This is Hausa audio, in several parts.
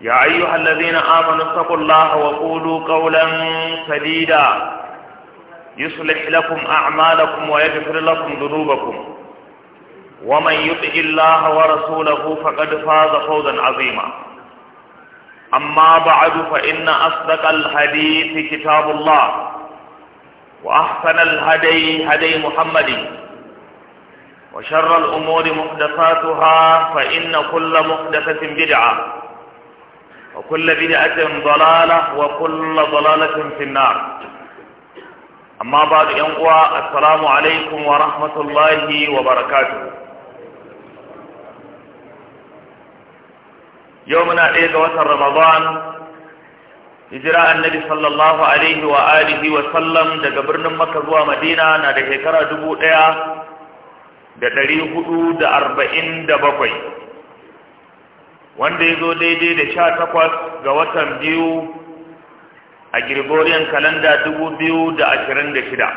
يا أيها الذين آمنوا اتقوا الله وقولوا قولا سديدا يصلح لكم أعمالكم ويغفر لكم ذنوبكم ومن يطع الله ورسوله فقد فاز فوزا عظيما أما بعد فإن أصدق الحديث كتاب الله وأحسن الهدي هدي محمد وشر الأمور محدثاتها فإن كل محدثة بدعة وكل بدعة ضلالة وكل ضلالة في النار أما بعد ينقوى السلام عليكم ورحمة الله وبركاته يومنا عيد وتر رمضان هجراء النبي صلى الله عليه وآله وسلم دقبرنا مكة ومدينة نادي هكرا دبوء da ɗari hudu da arba'in da bakwai wanda ya zo daidai da sha takwas ga watan biyu a girgoriyan kalanda dubu biyu da ashirin da shida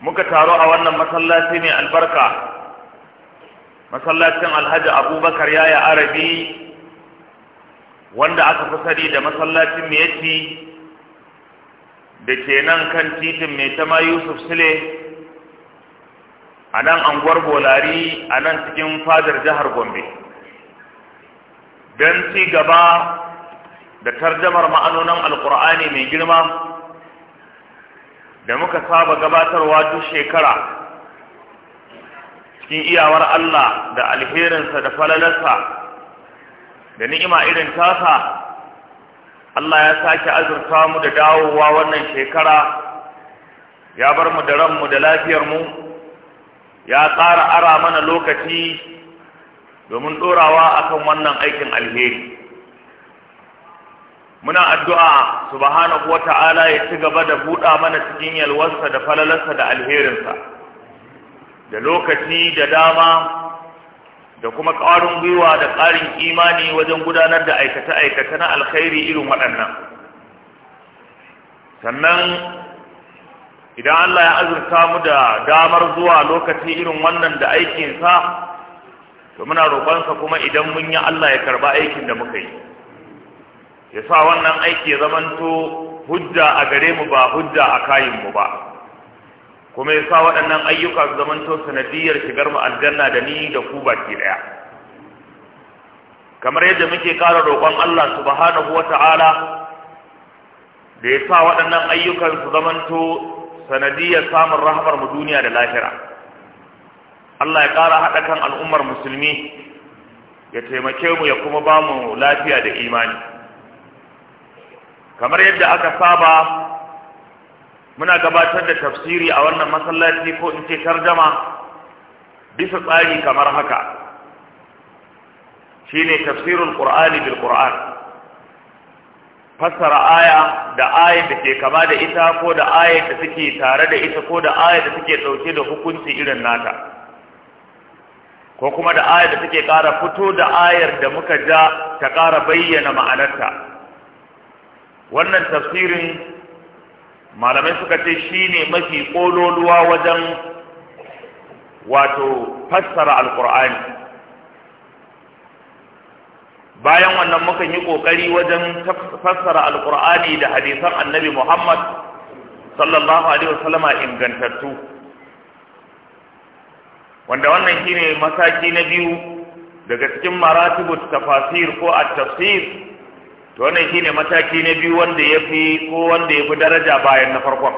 muka taro a wannan masallaci ne albarka masallacin alhaji abubakar yaya arabi wanda aka fi sani da masallacin yaki da ke nan kan titin mai tama yusuf sule a nan anguwar bolari a nan cikin fadar jihar gombe don ci gaba da tarjamar ma'anonin alkur'ani mai girma da muka saba gabatarwa duk shekara cikin iyawar allah da alherinsa da falalarsa da ni'ima irin tasa allah ya sake azurta mu da dawowa wannan shekara ya bar mu da ran mu da lafiyar mu ya tsara ara mana lokaci domin ɗorawa akan wannan aikin alheri muna addu'a subhanahu wa ta'ala ya ci gaba da buɗa mana cikin yalwarsa da falalarsa da alherinsa da lokaci da dama da kuma ƙarin gwiwa da ƙarin imani wajen gudanar da aikace-aikace na alkhairi irin waɗannan sannan idan Allah ya azurta mu da damar zuwa lokaci irin wannan da aikinsa to muna roƙonsa kuma idan mun yi Allah ya karba aikin da muka yi ya sa wannan aiki ya zamanto hujja a gare mu ba hujja a kayin mu ba kuma ya sa waɗannan ayyuka su zamanto sanadiyar shigar mu aljanna da ni da ku baki ɗaya kamar yadda muke ƙara roƙon Allah subhanahu wata'ala da ya sa waɗannan ayyukan su zamanto sanadiyar samun rahamar mu duniya da lahira Allah ya ƙara haɗa kan al'ummar musulmi ya taimake mu ya kuma ba mu lafiya da imani kamar yadda aka saba muna gabatar da tafsiri a wannan masallaci ko in ce tarjama bisa tsari kamar haka shine tafsirul qur'ani bil qur'an fassara aya da aya da ke kama da ita ko da aya da suke tare da ita ko da aya da suke ɗauke da hukunci irin nata ko kuma da aya da suke ƙara fito da ayar da muka ja ta ƙara bayyana ma'anarta wannan tafsirin malamai suka ce shi ne mafi ƙololuwa wajen wato fassara alƙur'ani bayan wannan mukan yi kokari wajen fassara alqur'ani da hadisan annabi Muhammad sallallahu alaihi wasallama ingantattu wanda wannan shine mataki na biyu daga cikin maratibu tafasir ko at-tafsir to wannan shine mataki na biyu wanda yafi ko wanda yafi daraja bayan na farkon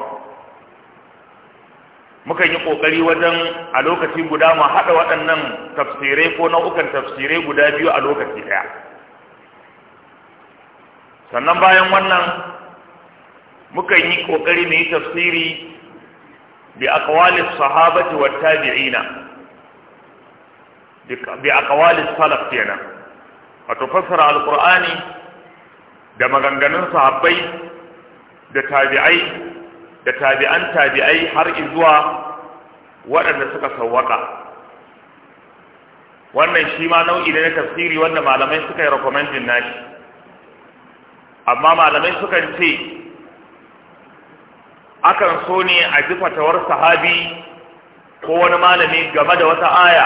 mukan yi kokari wajen a lokaci guda mu hada waɗannan tafsirai ko nau'ukan tafsirai guda biyu a lokaci daya sannan bayan wannan muka yi kokari mu yi tafsiri bi aqwali sahabati wat tabi'ina bi aqwali salaf kenan wato fassara alqur'ani da maganganun sahabbai da tabi'ai da tabi'an tabi'ai har zuwa waɗanda suka sawwaka wannan shi ma nau'i ne na tafsiri wanda malamai suka yi recommending nashi amma malamai sukan ce akan so ne a ji fatawar sahabi ko wani malami game da wata aya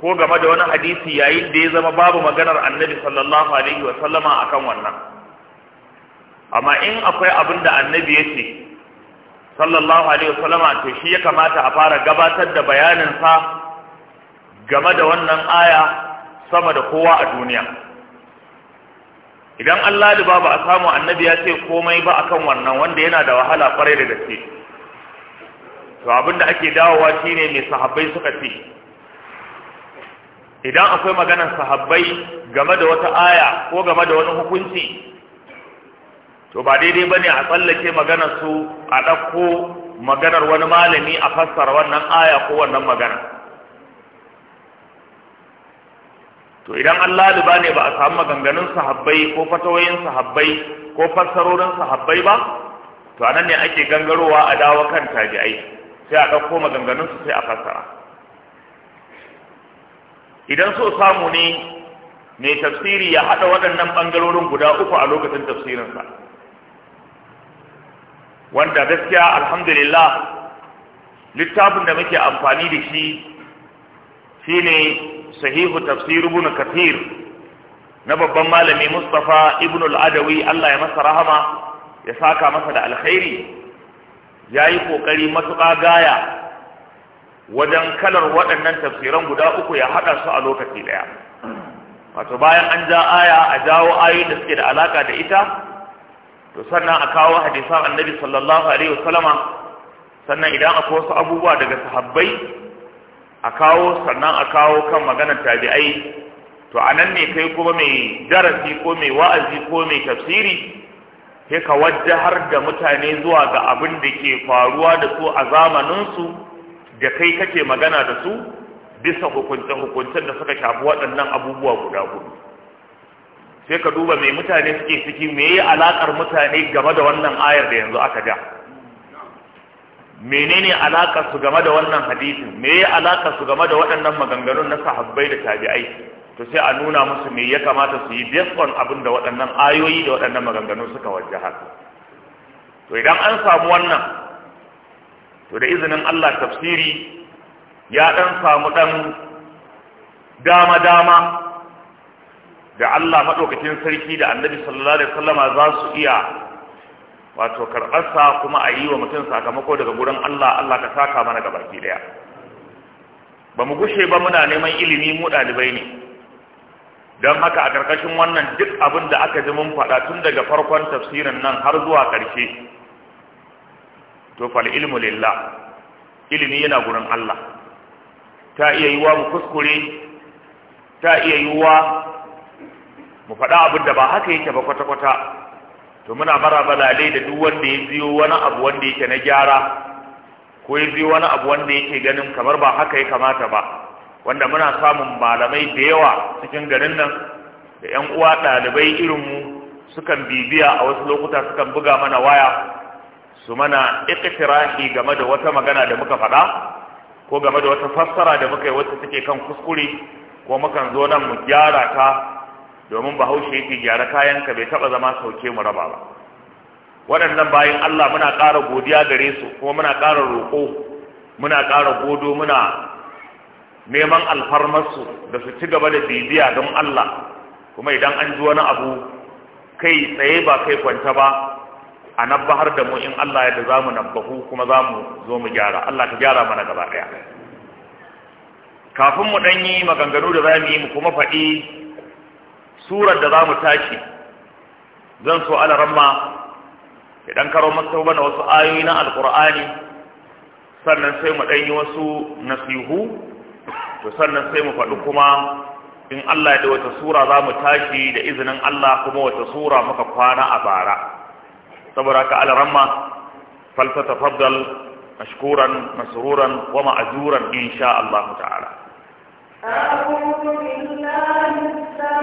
ko game da wani hadisi yayin da ya zama babu maganar annabi sallallahu alaihi wasallama akan wannan amma in akwai abin da annabi ya ce sallallahu alaihi wasallama to shi ya kamata a fara gabatar da bayaninsa game da wannan aya sama da kowa a duniya idan Allah da ba a samu annabi ya ce komai ba akan wannan wanda yana da wahala kwarai da gaske to abin da ake dawowa shine mai sahabbai suka ce idan akwai maganar sahabbai game da wata aya ko game da wani hukunci to ba daidai bane a tsallake maganar su a ɗauko maganar wani malami a fassara wannan aya ko wannan magana to idan Allah liba ne ba a samu maganganun sahabbai ko fatawoyin sahabbai ko fassarorin sahabbai ba to anan ne ake gangarowa a dawo kan tabi'ai sai a ɗauko maganganun su sai a fassara idan so samu ne mai tafsiri ya haɗa waɗannan ɓangarorin guda uku a lokacin tafsirinsa wanda gaskiya alhamdulillah littafin da muke amfani da shi shine sahihu tafsir ibn kathir na babban malami mustafa ibn al-adawi Allah ya masa rahama ya saka masa da alkhairi yayi kokari matuƙa gaya wajen kalar waɗannan tafsiran guda uku ya haɗa su a lokaci ɗaya wato bayan an ja aya a jawo ayoyin da suke da alaka da ita to sannan a kawo hadisan annabi sallallahu alaihi wasallama sannan idan akwai wasu abubuwa daga sahabbai a kawo sannan a kawo kan maganar tabi'ai to a nan ne kai kuma mai darasi ko mai wa'azi ko mai tafsiri sai ka wajahar da mutane zuwa ga abin da ke faruwa da su a zamaninsu da kai kake magana da su bisa hukuncen hukuncen da suka shafi waɗannan abubuwa guda hudu sai ka duba mai mutane suke ciki me yi alaƙar mutane game da wannan ayar da yanzu aka ja menene alakar su game da wannan hadisin me ya alakar su game da waɗannan maganganun na sahabbai da tabi'ai to sai a nuna musu me ya kamata su yi based on abin da waɗannan ayoyi da waɗannan maganganun suka wajaha to idan an samu wannan to da izinin Allah tafsiri ya dan samu dan dama dama da Allah madaukakin sarki da Annabi sallallahu alaihi wasallama za su iya wato karɓarsa kuma a yi wa mutum sakamako daga gurin Allah Allah ka saka mana ga baki daya ba mu gushe ba muna neman ilimi mu ɗalibai ne don haka a ƙarƙashin wannan duk abin da aka ji mun faɗa tun daga farkon tafsirin nan har zuwa ƙarshe to fal ilmu lillah ilimi yana gurin Allah ta iya yiwa mu kuskure ta iya yiwa mu faɗa abin da ba haka yake ba kwata-kwata to muna maraba lalai da duk wanda ya biyo wani abu wanda yake na gyara ko ya biyo wani abu wanda yake ganin kamar ba haka ya kamata ba wanda muna samun malamai da yawa cikin garin nan da yan uwa ɗalibai mu sukan bibiya a wasu lokuta sukan buga mana waya su mana iktirahi game da wata magana da muka faɗa ko game da wata fassara da muka yi wacce take kan kuskure ko mukan zo nan mu gyara ta domin bahaushe yake gyara kayan ka bai taɓa zama sauke mu raba ba waɗannan bayan Allah muna ƙara godiya gare su kuma muna ƙara roƙo muna ƙara godo muna neman alfarmarsu da su ci gaba da bibiya don Allah kuma idan an ji wani abu kai tsaye ba kai kwanta ba a nabbahar da mu in Allah yadda za mu nabbahu kuma za mu zo mu gyara Allah ka gyara mana gaba ɗaya kafin mu ɗan yi maganganu da za mu yi mu kuma faɗi surar da za mu tashi zan so ala ramma ya dan karo masa bana wasu ayoyi na alqur'ani sannan sai mu dan yi wasu nasihu to sannan sai mu faɗi kuma in Allah ya da wata sura za mu tashi da izinin Allah kuma wata sura muka kwana a bara saboda ka ala ramma falsata faddal مشكورا مسرورا ومعذورا إن شاء الله ta'ala أعوذ بالله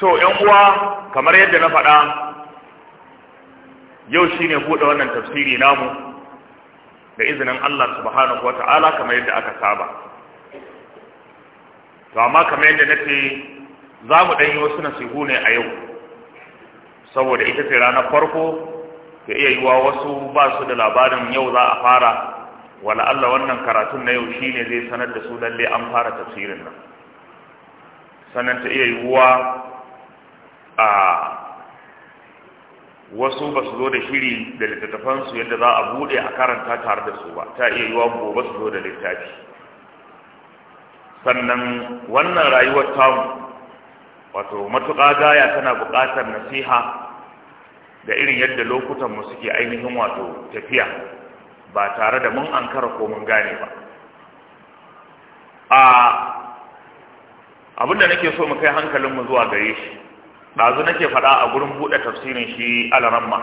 to yan uwa kamar yadda na faɗa yau shine buɗe wannan tafsiri namu da izinin Allah subhanahu ta'ala, kamar yadda aka saba to amma kamar yadda na ce, za mu ɗan yi wasu nasihu ne a yau saboda ita ce ranar farko ta iya yiwa wasu ba su da labarin yau za a fara wala Allah wannan karatun na yau shine zai sanar da su lalle an fara tafsirin nan sannan ta iya yiwuwa a wasu ba su zo da shiri da littattafansu yadda za a bude a karanta tare da su ba ta iya yiwuwa gobe su zo da littafi sannan wannan rayuwar tamu wato matuƙa gaya tana buƙatar nasiha da irin yadda lokutan mu suke ainihin wato tafiya ba tare da mun ankara ko mun gane ba a abinda nake so mu kai hankalinmu zuwa gare shi ɗazu nake faɗa a gurin buɗe tafsirin shi alaramma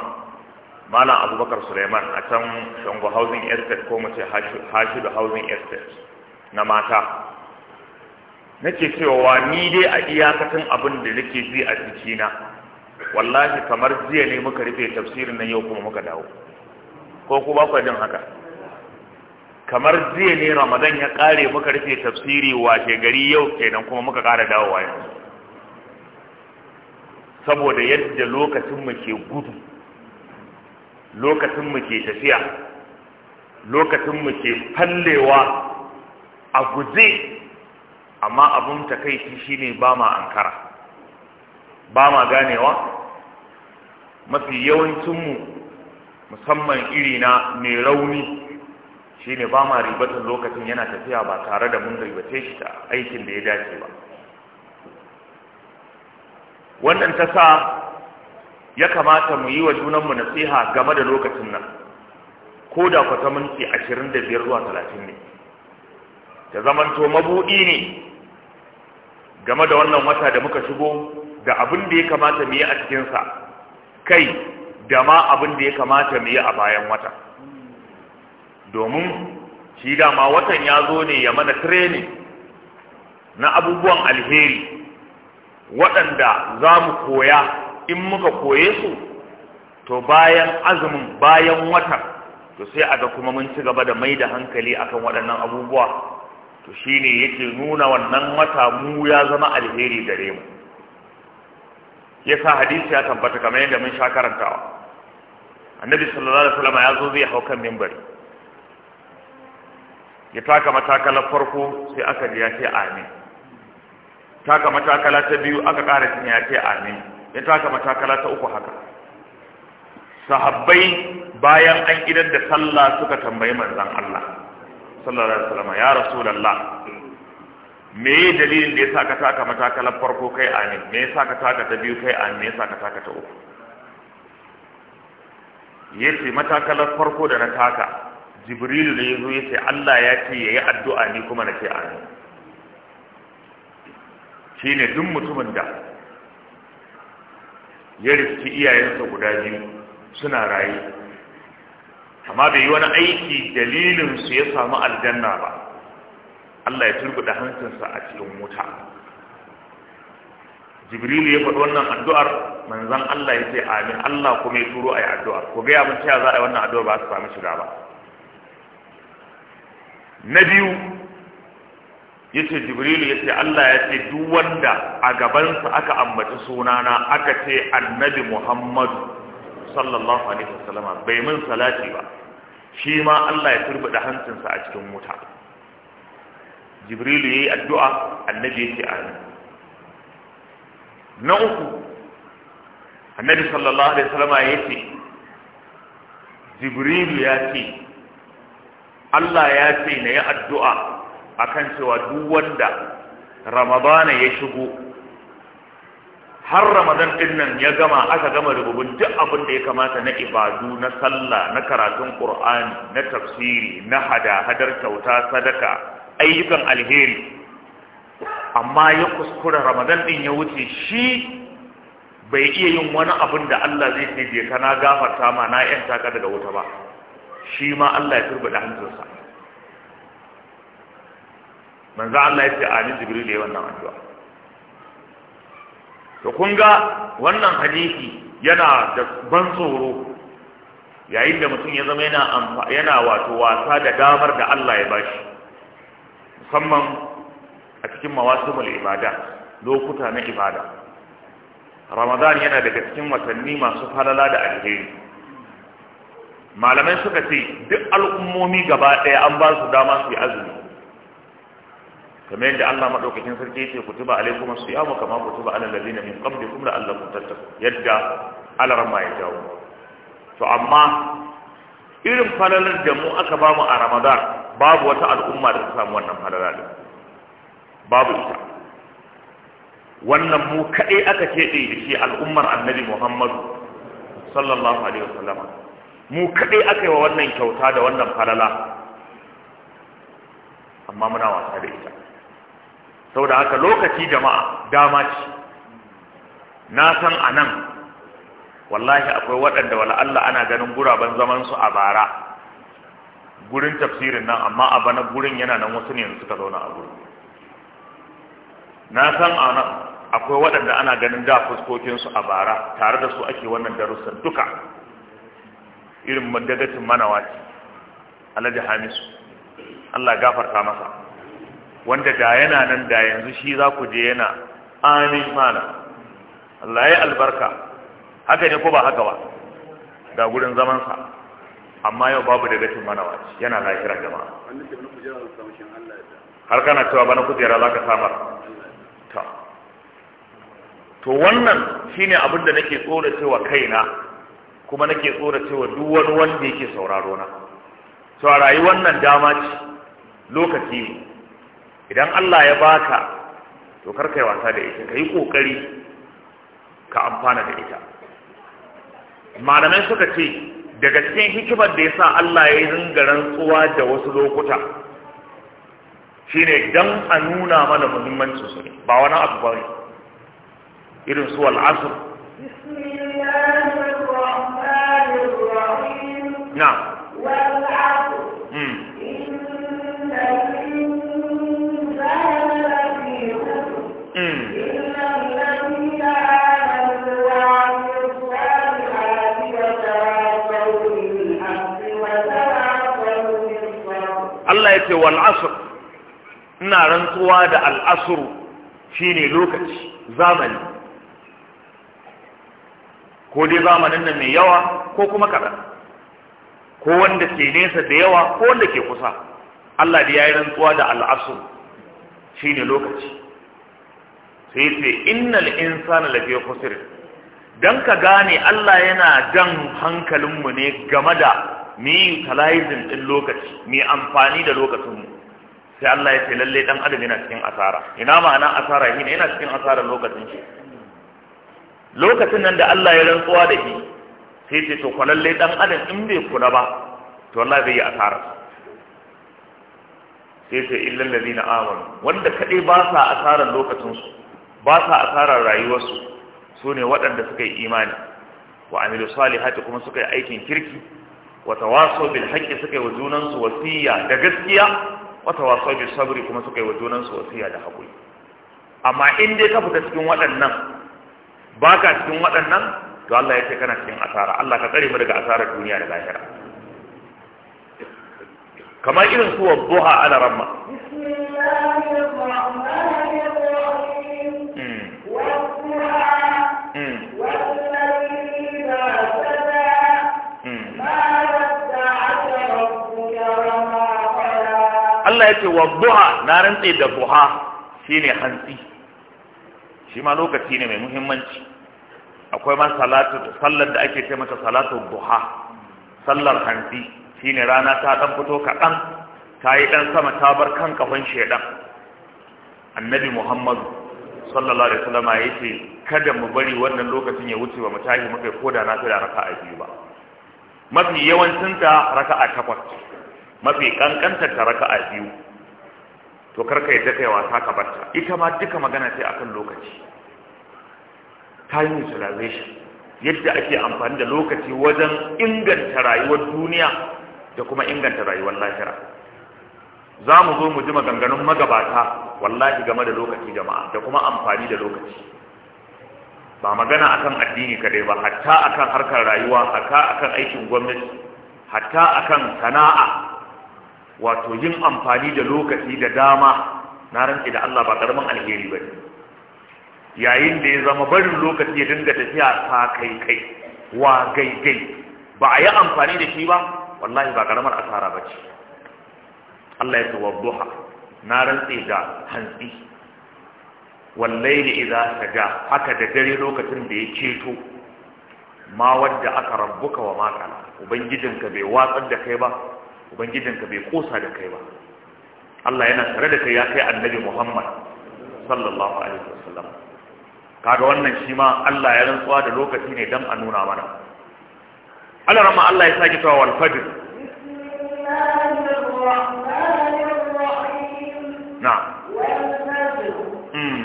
malam abubakar suleiman a can shango housing estate ko mu ce hashidu housing estate na mata nake cewa ni dai a iyakacin abin da nake ji a jikina wallahi kamar jiya ne muka rufe tafsirin nan yau kuma muka dawo ko ku ba ku jin haka kamar jiya ne ramadan ya kare muka rufe tafsiri washe gari yau kenan kuma muka kara dawowa yanzu saboda yadda lokacin mu ke gudu lokacin mu ke tafiya lokacin mu ke fallewa a guje amma abun takaici shine ba ma ankara ba ma ganewa mafi yawancinmu musamman iri na mai rauni shine ba ma ribatar lokacin yana tafiya ba tare da mun ribace shi ta aikin da ya dace ba wannan ta sa ya kamata mu yi wa junanmu nasiha game da lokacin nan ko da kwata minti ashirin da biyar zuwa talatin ne ta zamanto mabuɗi ne game da wannan wata da muka shigo da abin da ya kamata mu yi a cikinsa kai da ma abin da ya kamata mu yi a bayan wata domin shi dama watan ya zo ne ya mana training na abubuwan alheri waɗanda za mu koya in muka koye su to bayan azumin bayan watan to sai a ga kuma mun ci gaba da mai da hankali akan waɗannan abubuwa to shine yake nuna wannan wata mu ya zama alheri gare mu yasa hadisi ya tabbata kamar yadda mun sha karantawa annabi sallallahu alaihi wasallam ya zo zai hau kan mimbari ya taka matakala farko sai aka ji ya ce amin taka matakala ta biyu aka ƙara cin ya ce amin ya taka matakala ta uku haka sahabbai bayan an idan da sallah suka tambayi manzon Allah sallallahu alaihi wasallam ya rasulullah me ye dalilin da ya sa ka taka matakalar farko kai amin me ya sa ka taka ta biyu kai amin me ya sa ka taka ta uku ya ce matakalar farko da na taka jibrilu ne ya zo ya ce allah ya ce ya yi addu'a ni kuma na ce amin shi ne duk mutumin da ya riski iyayensa guda biyu suna raye amma bai yi wani aiki dalilinsu ya samu aljanna ba allah ya da hancinsa a cikin mutane jibrilu ya faɗi wannan addu'ar manzon Allah ya ce amin Allah kuma ya turo ayi addu'ar ko ga mun cewa za a yi wannan addu'ar ba su samu shiga ba na biyu yace jibrilu ce Allah ya ce duk wanda a gabansa aka ambaci sunana aka ce annabi Muhammadu sallallahu alaihi wasallama bai min salati ba shi ma Allah ya turbuda hancinsa a cikin wuta jibrilu yi addu'a annabi ya yake amin na uku annabi sallallahu alaihi ya ce jibrilu ya ce Allah ya ce na yi addu'a akan cewa duk wanda ramadana ya shigo har ramadan ɗinnan ya gama aka gama rububin duk abin da ya kamata na ibadu na sallah na karatun ƙur'ani na tafsiri na hada hadar kyauta sadaka ayyukan alheri amma ya kuskura ramadan din ya wuce shi bai iya yin wani abin da Allah zai ce je kana gafarta ma na yanta ka daga wuta ba shi ma Allah ya turba da hanzarsa manzo Allah ya ce amin jibril ya wannan addu'a to kun ga wannan hadisi yana da ban tsoro yayin da mutum ya zama yana yana wato wasa da damar da Allah ya bashi musamman a cikin mawasimul ibada lokuta na ibada ramadan yana daga cikin watanni masu falala da alheri malamai suka ce duk al'ummomi gaba ɗaya an ba su dama su yi azumi kamar yadda Allah madaukakin sarki yake kutuba alaikum as-siyamu kama kutuba alal ladina min qablikum la'allakum tattaqun yadda alarma ya jawo to amma irin falalar da mu aka bamu a Ramadan babu wata al'umma da ta samu wannan falalar babu ita wannan mu kaɗai aka keɗe da shi al'ummar annabi muhammadu sallallahu alaihi wasallama mu kaɗai aka yi wa wannan kyauta da wannan falala amma muna wasa da ita saboda haka lokaci jama'a dama ce na san a nan wallahi akwai waɗanda wala Allah ana ganin guraben zaman su a bara gurin tafsirin nan amma a bana gurin yana nan wasu ne suka zauna a gurin na san ana akwai waɗanda ana ganin da fuskokinsu a bara tare da su ake wannan darussan duka irin madagacin manawaki alhaji hamisu allah gafarta masa wanda da yana nan da yanzu shi za ku je yana amin mana allah ya albarka haka ne ko ba haka ba da gurin zamansa amma yau babu mana wace. yana lahirar jama'a har kana cewa bana kujera za ka samar to wannan shine abin da nake tsora cewa kaina kuma nake tsora cewa duk wani wanda yake sauraro na to a rayuwar nan dama ce lokaci idan Allah ya baka to kar kai wasa da ita kai kokari ka amfana da ita malamai suka ce daga cikin hikimar da yasa Allah ya yi rantsuwa da wasu lokuta shine dan a nuna mana muhimmancin su ba wani abu ba ne irin سوى العصر بسم الله الرحمن الرحيم نعم خسر إلا الذين آمنوا وعملوا الصالحات وتواصوا بالحق وتواصوا الله يتي والعصر نعم نعم نعم al'asuru shine lokaci ko dai zamanin nan mai yawa ko kuma kaɗan ko wanda ke nesa da yawa ko wanda ke kusa Allah da ya yi rantsuwa da al'asur shi ne lokaci sai ce innal insana lafi khusr dan ka gane Allah yana jan hankalinmu ne game da mi utilizing din lokaci mi amfani da lokacinmu sai Allah ya ce lalle dan adam yana cikin asara ina ma'ana asara yana cikin asarar lokacin shi lokacin nan da Allah ya rantsuwa da shi sai ce to kwalalle dan adam in bai kula ba to Allah zai yi asara sai ce illal ladina amanu wanda kade ba sa asaran lokacin su ba sa asarar rayuwar su sune waɗanda suka yi imani wa amilu salihati kuma suka yi aikin kirki wa tawasaw bil haqqi suka yi wa junan su wasiya da gaskiya wa tawasaw bis sabri kuma suka yi wa junan su wasiya da hakuri amma in dai ka fita cikin waɗannan baka cikin waɗannan to Allah ya ce kana cikin asara Allah ka tsare mu daga asarar duniya da lahira kamar irin su wadduha ala ramma hmm. Hmm. Allah ya ce wa buha na rantse da buha shine hantsi shi ma lokaci ne mai muhimmanci akwai ma salatu sallar da ake ce mata salatu buha, sallar hanzi shine rana ta dan fito kaɗan ta yi dan sama ta bar kan kafan shedan annabi muhammadu sallallahu alaihi wasallam ya ce kada mu bari wannan lokacin ya wuce ba mu tashi muka koda na fi da raka'a biyu ba mafi yawancin ta raka'a takwas mafi kankantar ta raka'a biyu to karka yadda kai wasa ka barta ita ma duka magana sai akan lokaci time utilization yadda ake amfani da lokaci wajen inganta rayuwar duniya da kuma inganta rayuwar lahira za mu zo mu ji maganganun magabata wallahi game da lokaci jama'a da kuma amfani da lokaci ba magana akan addini kadai ba hatta akan harkar rayuwa hatta akan aikin gwamnati hatta akan sana'a wato yin amfani da lokaci da dama na rantsi da Allah ba karamin alheri ba ne yayin da ya zama barin lokaci ya dinga tafiya ta kai kai wa gaigai ba a yi amfani da shi ba wallahi ba karamar asara ba ce Allah ya ce wa duha na rantse da hantsi wallahi idza saja haka da dare lokacin da ya ceto ma wadda aka rabbuka wa ma kana ubangijinka bai watsar da kai ba ubangijinka bai kosa da kai ba Allah yana tare da kai ya kai annabi Muhammad sallallahu alaihi wasallam kaga wannan shi ma Allah ya rantsuwa da lokaci ne dan a nuna mana Allah rama Allah ya sake cewa wal fajr na hmm. Hmm.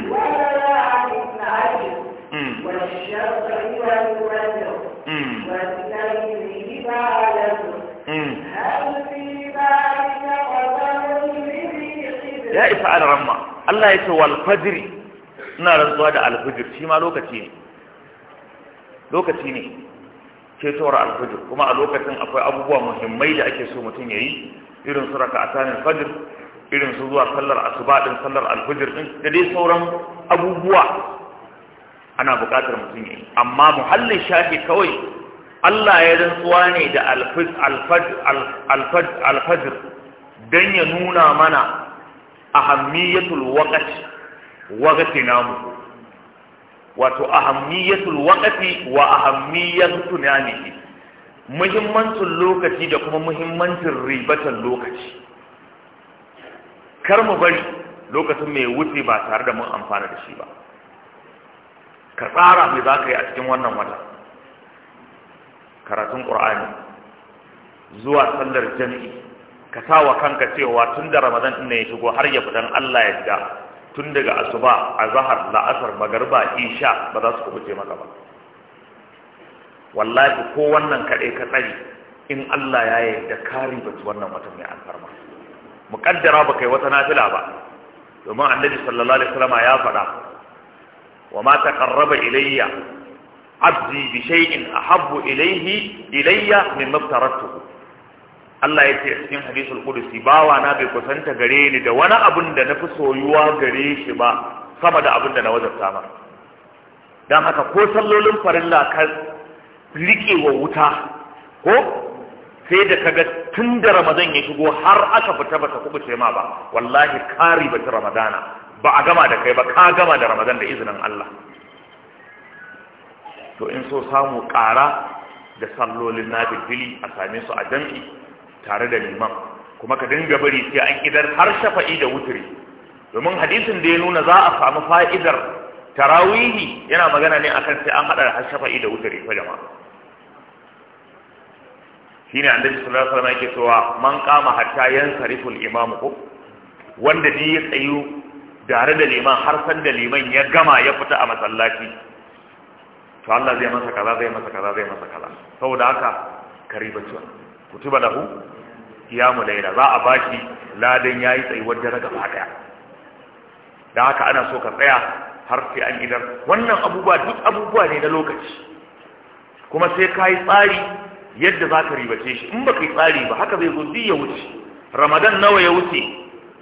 Hmm. ya isa al Allah ya ce wal Suna rantsuwa da alfijir shi ma lokaci ne lokaci ne ketowar alfijir kuma a lokacin akwai abubuwa muhimmai da ake so mutum ya yi irin su raka asanin fajir irin su zuwa sallar asuba din sallar alfijir din da dai sauran abubuwa ana buƙatar mutum ya yi amma muhallin shafi kawai Allah ya rantsuwa ne da alfajir don ya nuna mana ahammiyatul wakaci Wakati namu wato ahammiyatul waqti wa ahammiyatu nanihi muhimmancin lokaci da kuma muhimmancin ribatan lokaci kar mu bari lokacin mai wuce ba tare da mun amfana da shi ba ka tsara mai za ka yi a cikin wannan wata karatun ƙur'ani zuwa sallar jami'i ka sa wa kanka cewa tun da ramadan ɗin ya shigo har ya fitan allah ya da tun daga asuba a zahar la'asar magarba isha ba za su kubuce maka ba wallahi ko wannan kaɗai ka tsari in Allah ya da kari ba wannan watan mai alfarma muƙaddara ba kai wata nafila ba domin annabi sallallahu alaihi wasallam ya faɗa wa ma taqarraba ilayya abdi bi shay'in ahabbu ilayhi ilayya mimma aftaratuhu Allah ya ce a cikin hadisul qudusi bawa na bai kusanta gare ni da wani abin da na fi soyuwa gare shi ba sama da abin da na wajen sama. dan haka ko sallolin farilla ka rike wa wuta ko sai da kaga tun da ramadan ya shigo har aka fita ba ka kubuce ma ba wallahi kari ba ramadana ba a gama da kai ba ka gama da ramadan da izinin Allah to in so samu ƙara da sallolin na a same su a jam'i tare da liman kuma ka dinga bari sai an kidar har shafa'i da wuturi domin hadisin da ya nuna za a samu fa'idar tarawihi yana magana ne akan sai an hada har shafa'i da wuturi fa jama'a shine annabi sallallahu alaihi wasallam yake cewa man qama hatta yansariful imam ko wanda ji ya tsayu tare da liman har san da liman ya gama ya fita a masallaci to Allah zai masa kaza zai masa kaza zai masa kaza saboda haka karibatu kutuba lahu qiyamul layla za a bashi ladan yayi tsayuwar dare gaba daya dan haka ana so ka tsaya har sai an idan wannan abubuwa duk abubuwa ne na lokaci kuma sai kai tsari yadda za ka ribace shi in ba yi tsari ba haka zai zo ya wuce ramadan nawa ya wuce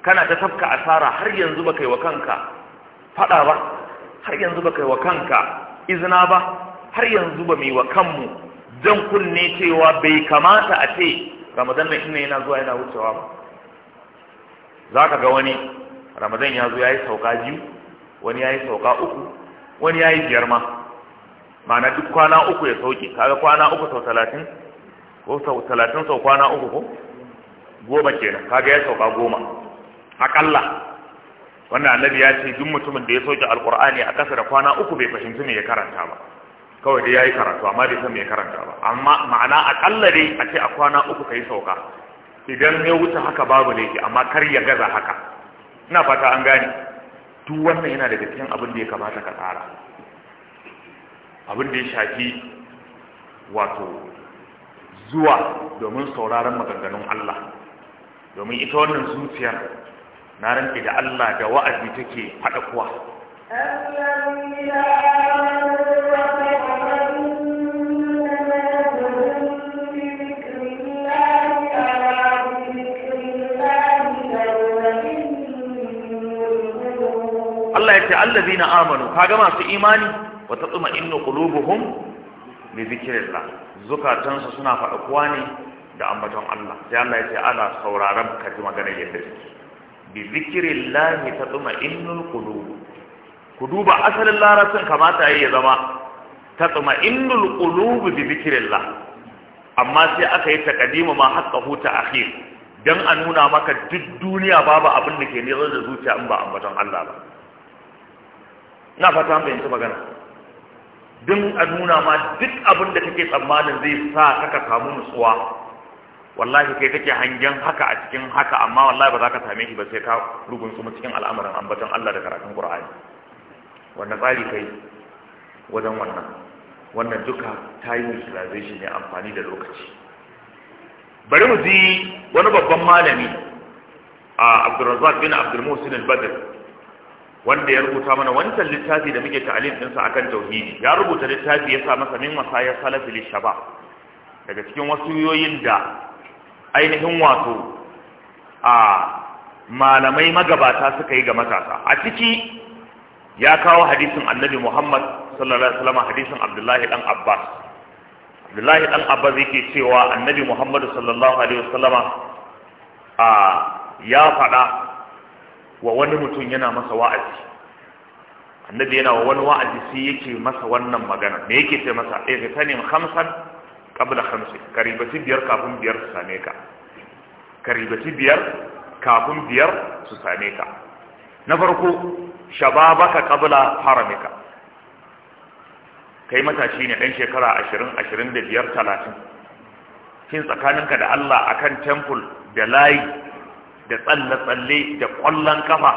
kana ta tafka asara har yanzu ba kai wa kanka fada ba har yanzu ba kai wa kanka izina ba har yanzu ba mai wa kanmu jan kunne cewa bai kamata a ce ramadan na ina yana zuwa yana wucewa ba za ka ga wani ramadan ya zo ya yi sauka biyu wani ya yi sauka uku wani ya yi biyar ma ma'ana duk kwana uku ya sauke kaga kwana uku sau talatin ko sau talatin sau kwana uku ko goma kenan kaga ya sauka goma akalla wannan annabi ya ce duk mutumin da ya sauke alkur'ani a kasa da kwana uku bai fahimci me ya karanta ba kawai dai yi karatu amma bai san me karanta ba amma ma'ana a akalla dai a ce a kwana uku ka yi sauka idan ya wuce haka babu laifi amma kar ya gaza haka ina fata an gane duk wannan yana daga cikin abin da ya kamata ka tsara abin da ya shafi wato zuwa domin sauraron maganganun Allah domin ita wannan zuciyar na rantsi da Allah da wa'azi take faɗa kuwa ce allazina amanu kaga masu imani wa tatma innu qulubuhum bi zikrillah zukatansu suna faɗakuwa ne da ambaton Allah sai Allah ya ce ala sauraron ka ji maganar yadda take bi zikrillah tatma innul qulub ku duba asalin larabcin kamata yayi ya zama tatma innul qulub bi zikrillah amma sai aka yi takadimu ma haqqahu ta akhir dan a nuna maka duk duniya babu abin da ke nizar da zuciya in ba ambaton Allah ba na fata an fahimci magana Dun a nuna ma duk abin da kake tsammanin zai sa kaka samu nutsuwa wallahi kai kake hangen haka a cikin haka amma wallahi ba za ka same shi ba sai ka rugun su cikin al'amarin ambaton Allah da karatun Qur'ani wannan tsari kai wajen wannan wannan duka time utilization ne amfani da lokaci bari mu ji wani babban malami a Abdulrazzaq bin Abdul Muhsin al-Badr wanda ya rubuta mana wancan littafi da muke ta'alim ɗinsa akan tauhidi ya rubuta littafi ya sa masa min masayar salafi lishaba daga cikin wasu wasuyoyin da ainihin wato a malamai magabata suka yi ga matasa a ciki ya kawo hadisin annabi muhammad sallallahu alaihi wasallam hadisin abdullahi dan abbas abdullahi dan abbas yake cewa annabi muhammad sallallahu alaihi wasallama a ya faɗa wa wani mutum yana masa wa'azi annabi yana wa wani wa'azi sai yake masa wannan magana me yake sai masa eh ka sani khamsan qabla khamsi karibati biyar kafin biyar su same ka karibati biyar kafin biyar su same ka na farko shababaka qabla haramika kai matashi ne dan shekara 20 25 30 kin tsakaninka da Allah akan temple da layi da tsalle-tsalle da kwallon kafa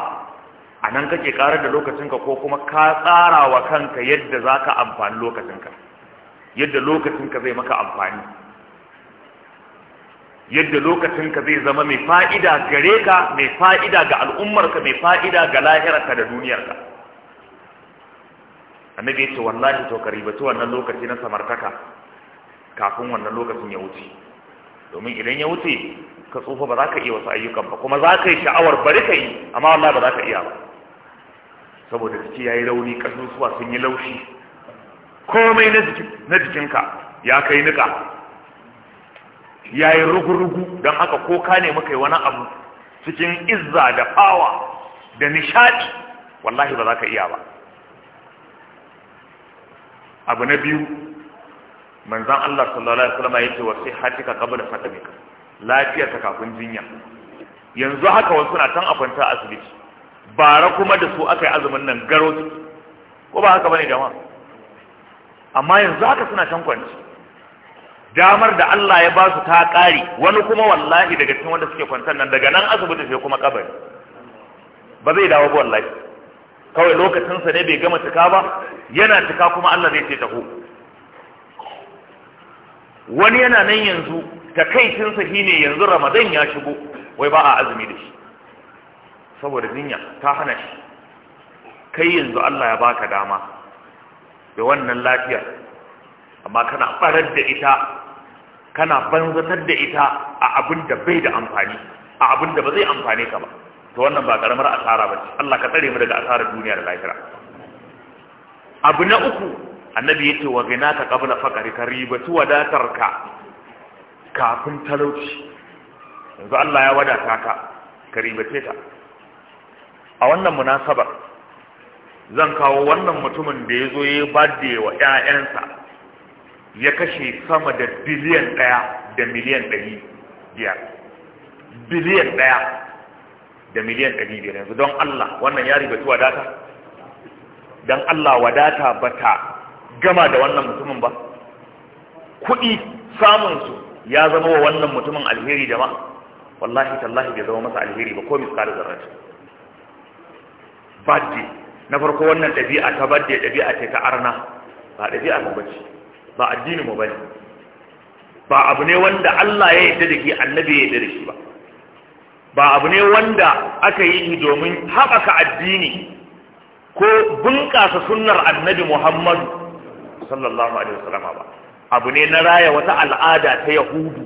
a nan kake ƙarar da lokacinka ko kuma ka tsara wa kanka yadda za ka amfani lokacinka yadda lokacinka zai maka amfani yadda lokacinka zai zama mai fa'ida gare ka mai fa'ida ga al'ummarka mai fa'ida ga lahirarka da duniyarka annabi ya ce wallahi to karibatu wannan lokaci na samartaka kafin wannan lokacin ya wuce domin idan ya wuce ka tsufa ba za ka iya wasu ayyukan ba kuma za ka yi sha'awar bari ka yi amma Allah ba za ka iya ba saboda jiki ya yi rauni ƙasusuwa sun yi laushi komai na jikinka ya kai nika ya yi rugu-rugu don haka ko ka ne maka yi wani abu cikin izza da fawa da nishaɗi wallahi ba za ka iya ba abu na biyu manzan Allah sallallahu Alaihi wasallam ya ce wa sai hatika kabla fatamika lafiyar ta kafin jinya yanzu haka wasu na tan akwanta asibiti bara kuma da su aka yi azumin nan garo ko ba haka bane jama'a amma yanzu haka suna tan kwanci damar da Allah ya ba su ta ƙari wani kuma wallahi daga cikin wanda suke kwantar nan daga nan asibiti sai kuma kabari ba zai dawo ba wallahi kawai lokacinsa ne bai gama cika ba yana cika kuma Allah zai ce taho wani yana nan yanzu ta kai sahi ne yanzu ramadan ya shigo wai ba a azumi da shi saboda jinya ta hana shi kai yanzu Allah ya baka dama da wannan lafiya amma kana barar da ita kana banzatar da ita a abin da bai da amfani a abin da ba zai amfane ka ba to wannan ba karamar asara ba Allah ka tsare mu daga asarar duniya da lahira abu na uku annabi yace wa ghinaka qabla faqri ka wadatar wadatarka kafin talauci yanzu Allah ya wadata ka ka ribace ta a wannan munasabar zan kawo wannan mutumin da ya zo ya bade wa ƴaƴansa ya kashe sama da biliyan ɗaya da miliyan ɗari biyar biliyan ɗaya da miliyan ɗari biyar yanzu don Allah wannan ya tu wadata don Allah wadata bata gama da wannan mutumin ba kuɗi samunsu ya zama wa wannan mutumin alheri jama'a wallahi tallahi bai zama masa alheri ba ko miskar zarrati badde na farko wannan ɗabi'a ta badde ɗabi'a ce ta arna ba ɗabi'a mu bace ba addini mu bane ba abu ne wanda Allah ya yarda da shi annabi ya yarda da shi ba ba abu ne wanda aka yi shi domin haɓaka addini ko bunƙasa sunnar annabi Muhammadu sallallahu alaihi wasallam ba abu ne na raya wata al'ada ta yahudu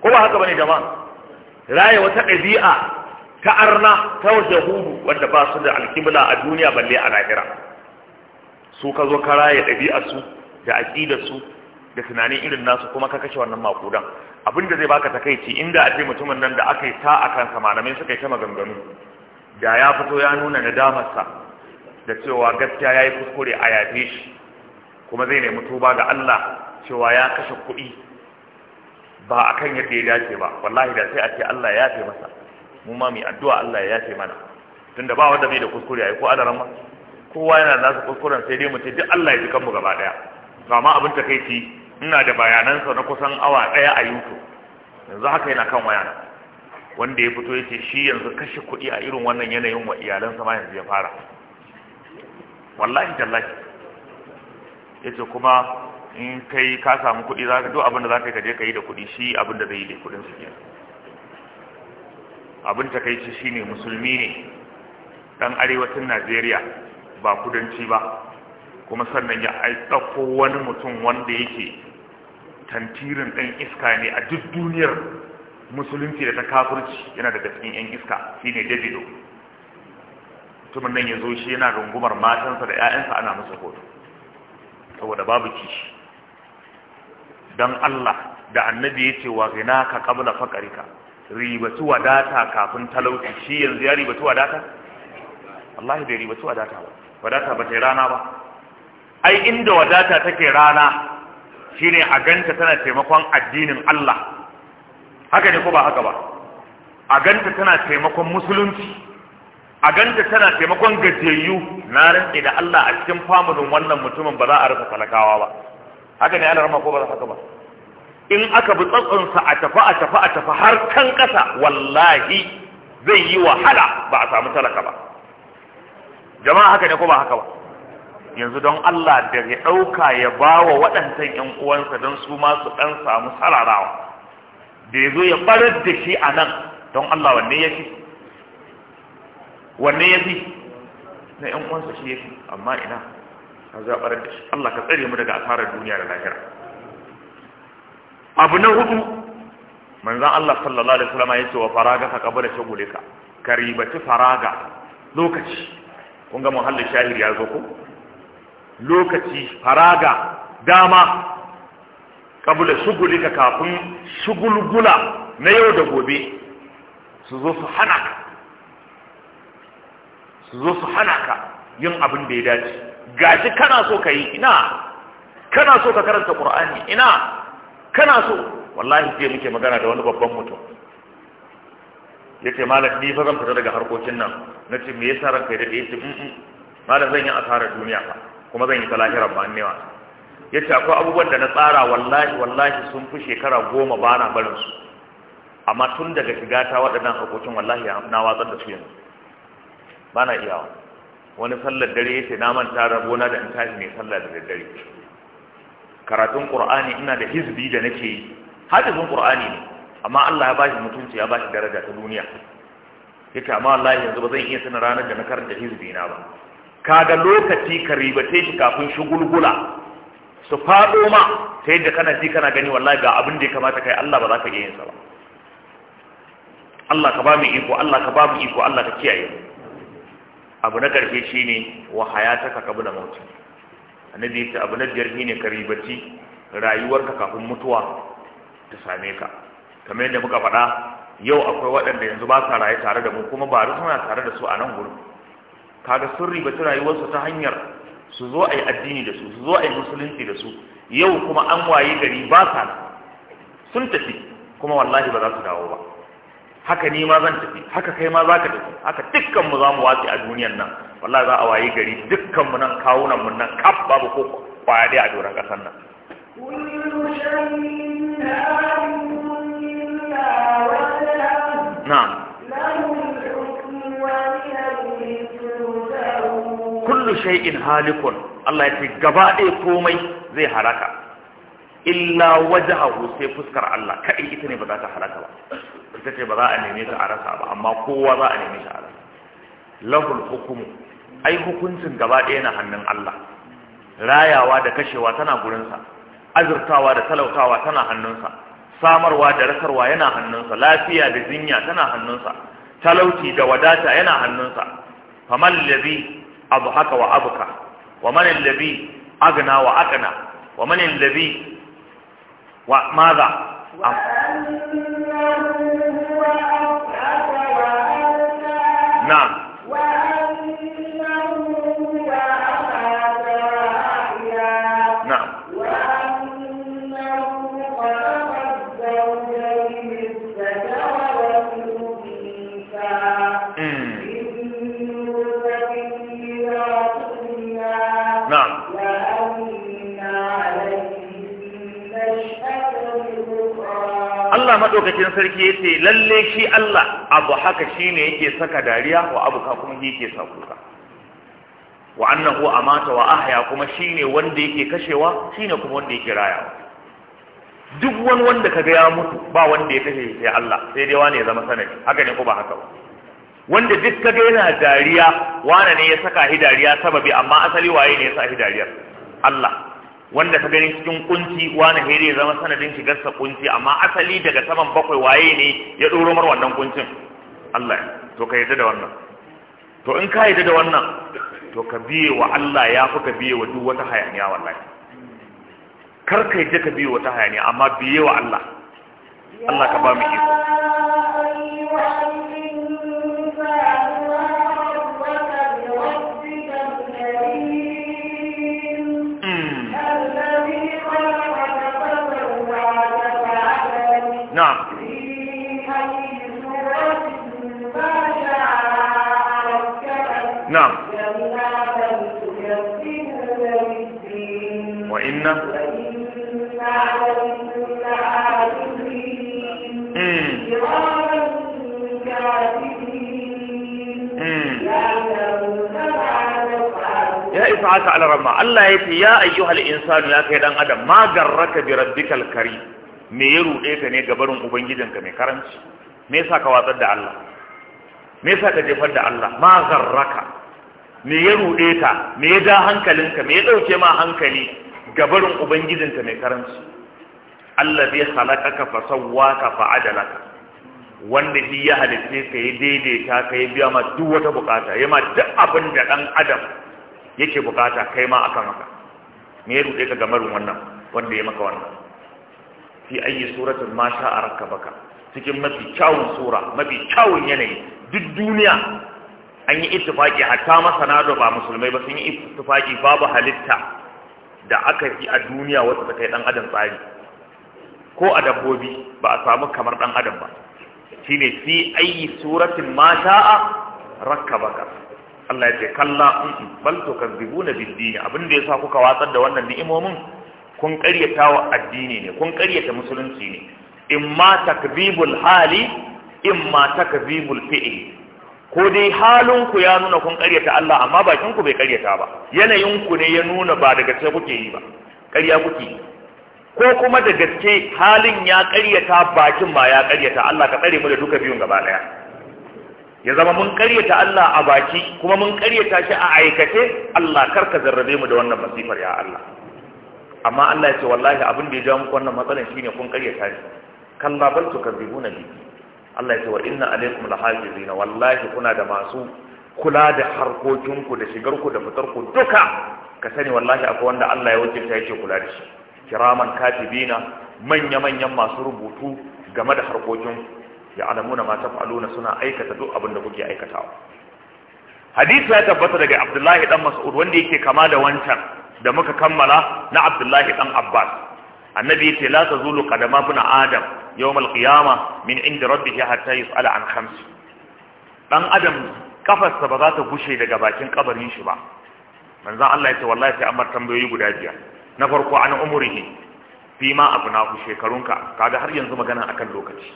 ko ba haka bane jama'a raya wata ɗabi'a ta arna ta yahudu wanda ba su da alkibla a duniya balle a lahira su ka zo ka raya ɗabi'a su da aƙidar su da tunanin irin nasu kuma ka kashe wannan makudan abin da zai baka takaici inda aje mutumin nan da aka yi ta a kansa malamai suka yi ta maganganu da ya fito ya nuna nadamarsa da cewa gaskiya ya yi kuskure a yafe shi kuma zai nemi tuba ga Allah cewa ya kashe kuɗi ba akan yadda ya dace ba wallahi da sai a ce Allah ya yafe masa mu ma mu addu'a Allah ya yafe mana tunda ba wanda bai da kuskure ai ko adaran ma kowa yana da su kuskuren sai dai mu ce duk Allah ya ji kanmu gaba daya ga ma abin takeici ina da bayanansa na kusan awa daya a YouTube yanzu haka yana kan wayana wanda ya fito yace shi yanzu kashe kuɗi a irin wannan yanayin wa iyalansa ma yanzu ya fara wallahi tallahi yace kuma in kai ka samu kuɗi za ka duk abin da za ka yi ka je ka yi da kuɗi shi abin zai yi da kuɗin su ke abin ta kai shi ne musulmi ne ɗan arewacin najeriya ba kudanci ba kuma sannan ya ɗauko wani mutum wanda yake tantirin ɗan iska ne a duk duniyar musulunci da ta kafurci yana daga cikin 'yan iska shine davido mutumin nan ya zo shi yana rungumar matansa da 'ya'yansa ana musu hoto saboda babu kishi don Allah da annabi ya ce wa gina ka kabla faƙarika ribatu wadata kafin talauci shi yanzu ya ribatu wadata? Allah bai ribatu wadata ba wadata ba ta rana ba ai inda wadata take rana shine a ganta tana taimakon addinin Allah haka ne ko ba haka ba a ganta tana taimakon musulunci a ganta tana taimakon gajiyayyu na rantse da Allah a cikin famulin wannan mutumin ba za a rasa talakawa ba haka ne alarma ko ba za haka ba in aka bi tsatsansa a tafi a tafi a tafi har kan ƙasa wallahi zai yi wahala ba a samu talaka ba jama'a haka ne ko ba haka ba yanzu don Allah da ya ɗauka ya ba wa waɗancan ƴan uwansa don su ma su ɗan samu sararawa da ya zo ya ɓarar da shi a nan don Allah wanne ya fi wanne ya fi na ‘yan uwansa shi ya fi amma ina a zaɓar da shi Allah ka tsare mu daga asarar duniya da lahira abu na hudu manzan Allah sallallahu alaihi wasallam ya ce wa faraga ka kabar ka ribaci faraga lokaci kun ga muhallin shahir ya zo ku. lokaci faraga dama kabula shugulika kafin shugulgula na yau da gobe su zo su hana ka zo su hana ka yin abin da ya dace gashi kana so ka yi ina kana so ka karanta qur'ani ina kana so wallahi sai muke magana da wani babban mutum yace malam ni fa zan fita daga harkokin nan nace me yasa ranka ya dade yace mm, mm. malam zan yi asarar duniya fa kuma zan yi ta lahirar ba annewa yace akwai abubuwan da na tsara wallahi wallahi sun fi shekara goma ba na barin su amma tun daga shiga ta waɗannan harkokin wallahi na watsar da su yanzu ba na iyawa wani sallar dare ya ce na manta rabona da in tashi mai sallar da dare karatun ƙur'ani ina da hizbi da nake yi hadisin ƙur'ani ne amma Allah ya bashi mutunci ya bashi daraja ta duniya yake amma Allah yanzu ba zan iya sanin ranar da na karanta hizbi na ba Ka ga lokaci ka ribate shi kafin shugulgula su faɗo ma ta yadda kana ji kana gani wallahi ga abin da ya kamata kai Allah ba za ka iya yin sa ba Allah ka ba mu iko Allah ka ba mu iko Allah ka kiyaye mu abu na ƙarshe ne wa hayataka da mauti annabi ce abu na biyar shine karibaci rayuwarka kafin mutuwa ta same ka kamar yadda muka faɗa yau akwai waɗanda yanzu ba sa raye tare da mu kuma ba suna tare da su a nan gurin kaga sun ribaci rayuwarsu ta hanyar su zo a yi addini da su su zo a yi musulunci da su yau kuma an waye gari ba sa sun tafi kuma wallahi ba za su dawo ba haka ni ma zan tafi haka kai ma zaka tafi haka dukkan mu za watsi a duniyan nan wallahi za a wayi gari dukkan mu nan kawunan mu nan kaf babu ko kwaya a doran kasar nan na'am kullu shay'in halikun Allah ya ce gaba ɗaya komai zai haraka illa wajahahu sai fuskar Allah kaɗai ita ne ba za ta halaka ba ita ce ba za a neme ta a rasa ba amma kowa za a neme shi a rasa lahul hukumu ai hukuncin gaba ɗaya na hannun Allah rayawa da kashewa tana gurinsa azurtawa da talautawa tana hannunsa samarwa da rasarwa yana hannunsa lafiya da jinya tana hannunsa talauci da wadata yana hannunsa faman abu haka wa abuka, wa man allazi agna wa aqna wa man allazi wa madha نعم وأنه نعم وأنه خلق الزوجين الذكر والأنثى Allah maɗaukakin sarki ya ce lalle shi Allah abu haka shine yake saka dariya wa abu ka kuma yake sa kuka wa annahu amata wa ahya kuma shine wanda yake kashewa shine kuma wanda yake rayawa duk wani wanda kaga ya mutu ba wanda ya kashe sai Allah sai dai wani ya zama sanadi haka ne ko ba haka ba wanda duk kaga yana dariya wani ne ya saka shi dariya sababi amma asali waye ne ya sa shi dariyar Allah wanda ka gani cikin kunci wani hede ya zama sanadin shigarsa kunci amma asali daga saman bakwai waye ne ya ɗoro mar wannan kuncin Allah ya to ka yarda da wannan to in ka yarda da wannan to ka biye wa Allah ya fi ka biye wa duk wata hayaniya wallahi kar ka yarda ka biye wata hayaniya amma biye wa Allah Allah ka ba mu iko وإنا ya isa haka alarama Allah ya ce ya ayyuhal insanu ya kai dan adam ma garraka bi rabbikal karim me ya rude ka ne gabarin ubangijinka mai karanci me yasa ka watsar da Allah me yasa ka jefar da Allah ma garraka me ya rude ka me ya da hankalinka me ya dauke ma hankali gabarin ubangijinta mai karanci Allah zai ka fa ka fa adalaka wanda shi ya halitte ka yi daidaita ka yi biya ma duk wata bukata ya ma duk abin da ɗan adam yake bukata kai ma akan haka me ya ruɗe ka gamarin wannan wanda ya maka wannan fi ayi suratun ma sha'a baka cikin mafi kyawun sura mafi kyawun yanayi duk duniya an yi ittifaki hatta masana da ba musulmai ba sun yi ittifaki babu halitta da aka yi a duniya wata ta kai dan adam tsari ko a dabbobi ba a samu kamar dan adam ba shine fi ayi suratin mata rakka baka Allah ya ce kalla bal zibu na bindini abin da sa kuka watsar da wannan ni'imomin kun karyata wa addini ne kun karyata musulunci ne In imma takzibul hali imma takzibul fi'li ko dai halinku ya nuna kun karyata Allah amma bakinku bai karyata ba yanayinku ne ya nuna ba da gaske kuke yi ba ƙarya kuke yi ko kuma da gaske halin ya karyata bakin ma ya karyata Allah ka tsare mu da duka biyun gaba daya ya zama mun karyata Allah a baki kuma mun karyata shi a aikace Allah kar ka zarrabe mu da wannan masifar ya Allah amma Allah ya ce wallahi abin da ya jawo muku wannan matsalar shine kun karyata shi kan babal tukazzibuna bihi Allah ya ce wa inna alaikum zina, wallahi kuna da masu kula da harkokinku da shigarku da fitarku duka ka sani wallahi akwai wanda Allah ya wuce ta yake kula da shi kiraman katibina manya manyan masu rubutu game da harkokin ya alamuna ma taf'aluna suna aikata duk abin da kuke aikatawa hadisi ya tabbata daga Abdullahi dan Mas'ud wanda yake kama da wancan da muka kammala na Abdullahi dan Abbas annabi yace la tazulu qadama ibn adam yawm al min inda rabbih hatta yus'ala an khams dan adam kafarsa ba za ta gushe daga bakin kabarin shi ba manzon Allah yace wallahi sai amma tambayoyi guda biyar na farko an umrihi fi ma abnahu shekarunka kaga har yanzu magana akan lokaci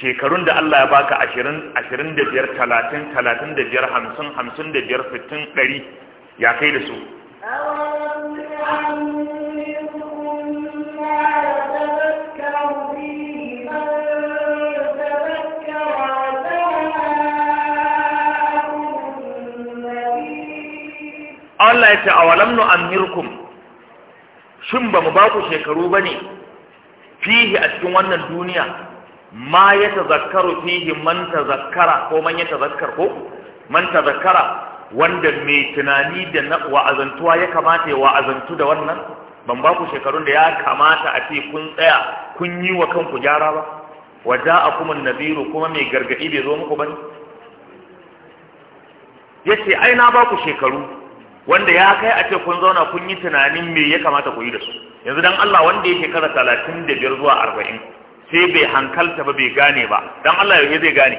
shekarun da Allah ya baka 20 25 30 35 50 55 60 100 ya kai da su Allah ya ce a walam nu amirkum shin ba mu ba shekaru ba ne fihi a cikin wannan duniya ma ya zakaru fihi man zakara ko man ya zakar ko man zakara wanda mai tunani da wa'azantuwa ya kamata ya wa'azantu da wannan ban ba shekarun da ya kamata a ce kun tsaya kun yi wa kanku gyara ba wa a kuma naziru kuma mai gargadi bai zo muku bane yace ai na ba shekaru wanda ya kai a ce kun zauna kun yi tunanin me ya kamata ku yi da su yanzu dan Allah wanda yake kaza talatin da biyar zuwa arba'in sai bai hankalta ba bai gane ba dan Allah yaushe zai gane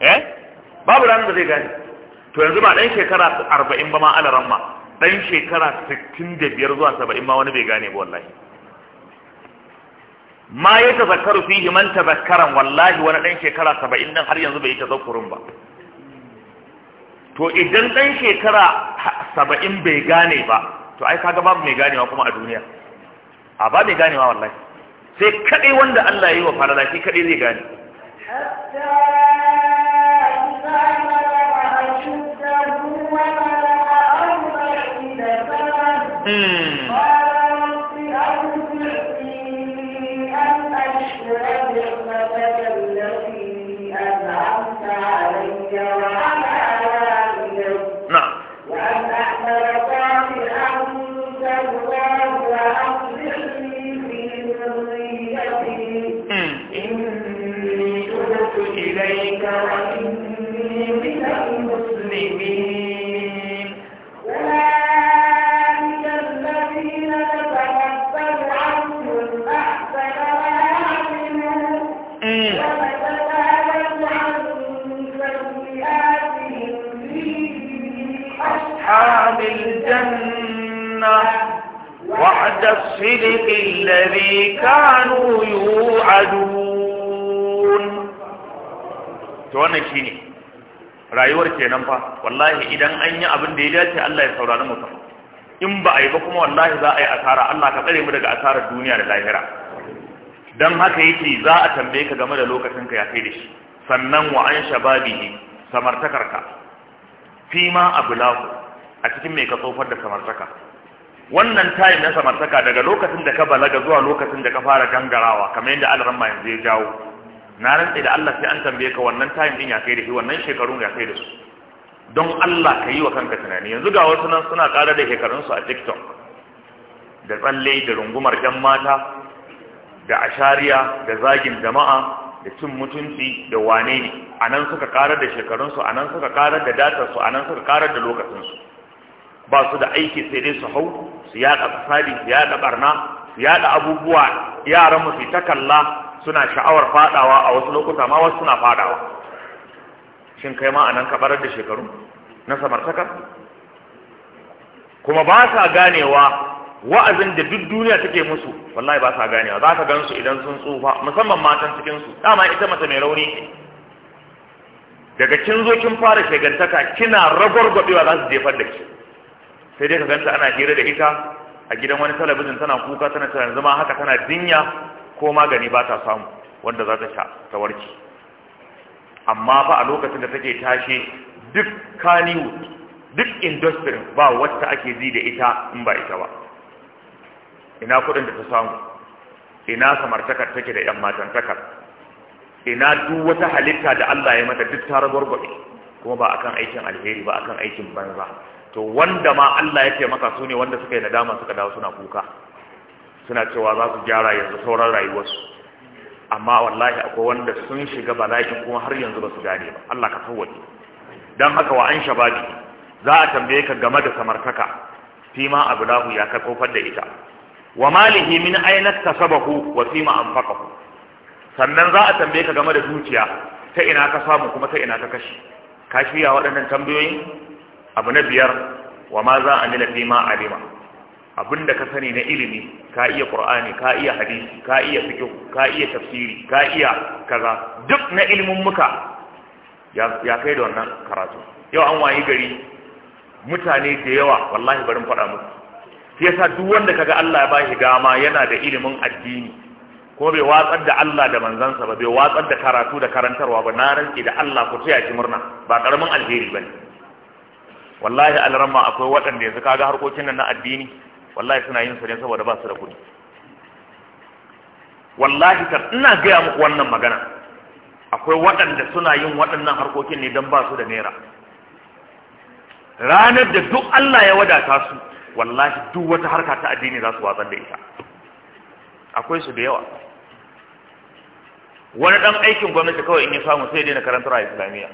eh babu ranar da zai gane to yanzu ba dan shekara arba'in ba ma ala ramma dan shekara sittin da biyar zuwa saba'in ma wani bai gane ba wallahi ma ya tazakkaru fihi man tazakkaran wallahi wani dan shekara saba'in nan har yanzu bai yi tazakkurun ba to idan dan shekara saba'in bai gane ba to ai kaga babu mai ganewa kuma a duniya a ba mai ganewa wallahi sai kadai wanda Allah ya yi wa farala shi kadai zai gane Hmm. hmm. وعد الصدق الذي كانوا يوعدون to wannan shine rayuwar kenan fa wallahi idan an yi abin da ya dace Allah ya saurari mu fa in ba a yi ba kuma wallahi za a yi asara Allah ka tsare mu daga asarar duniya da lahira dan haka yake za a tambaye ka game da lokacin ka ya kai da shi sannan wa an shababihi samartakarka Fima ma abulahu a cikin mai ka tsofar da samartaka wannan tayin na samartaka daga lokacin da ka balaga zuwa lokacin da ka fara gangarawa kamar yadda alramma yanzu ya jawo na rantsa da Allah sai an tambaye ka wannan tayin din ya kai da shi wannan shekarun ya kai da su don Allah ka yi wa kanka tunani yanzu ga wasu nan suna ƙara da shekarunsu a TikTok da tsalle da rungumar 'yan mata da ashariya da zagin jama'a da cin mutunci da wane ne a nan suka ƙara da shekarunsu a nan suka ƙara da datarsu a nan suka ƙara da lokacinsu ba su da aiki sai dai su hau su yaɗa fasadi su yaɗa barna su yaɗa abubuwa yaran mu su ta kalla suna sha'awar fadawa a wasu lokuta ma wasu suna fadawa shin kai ma anan ka barar da shekaru na samartaka kuma ba sa ganewa wa'azin da duk duniya take musu wallahi ba sa ganewa za ka su idan sun tsufa musamman matan cikin su dama ita mace mai rauni daga kin zo kin fara shegantaka kina ragwargwabewa za su jefar da ki sai dai ka ganta ana hira da ita a gidan wani talabijin tana kuka tana tana zama haka tana jinya ko magani ba ta samu wanda za ta sha ta warke amma fa a lokacin da take tashe duk kaniwood duk industry ba wacce ake ji da ita in ba ita ba ina kudin da ta samu ina samartakar take da yan matantakar ina duk wata halitta da Allah ya mata duk ta ragwargwabe kuma ba akan aikin alheri ba akan aikin banza to wanda ma Allah yake maka su ne wanda suka yi nadama suka dawo suna kuka suna cewa za su gyara yanzu sauran rayuwarsu amma wallahi akwai wanda sun shiga bala'in kuma har yanzu ba su gane ba Allah ka tawwaje dan haka wa an shabadi za a tambaye ka game da samartaka fi ma lahu ya ka kofar da ita wa malihi min aina tasabahu wa fi ma anfaqahu sannan za a tambaye ka game da zuciya. ta ina ka samu kuma ta ina ka kashe ka shirya waɗannan tambayoyin abu na biyar wa ma za a nila fima alima abin da ka sani na ilimi ka iya qur'ani ka iya hadisi ka iya fiqh ka iya tafsiri ka iya kaza duk na ilimin muka ya kai da wannan karatu yau an wayi gari mutane da yawa wallahi barin faɗa muku shi yasa duk wanda kaga Allah ya bashi dama yana da ilimin addini ko bai watsar da Allah da manzansa ba bai watsar da karatu da karantarwa ba na rantsi da Allah ku tsaya ki murna ba karamin alheri bane wallahi alramma akwai waɗanda yanzu kaga harkokin nan na addini wallahi suna yin su ne saboda ba su da kuɗi wallahi kar ina gaya muku wannan magana akwai waɗanda suna yin waɗannan harkokin ne don ba su da naira ranar da duk Allah ya wadata su wallahi duk wata harka ta addini za su watsar da ita akwai su da yawa wani ɗan aikin gwamnati kawai in ya samu sai dai na karantar a islamiyya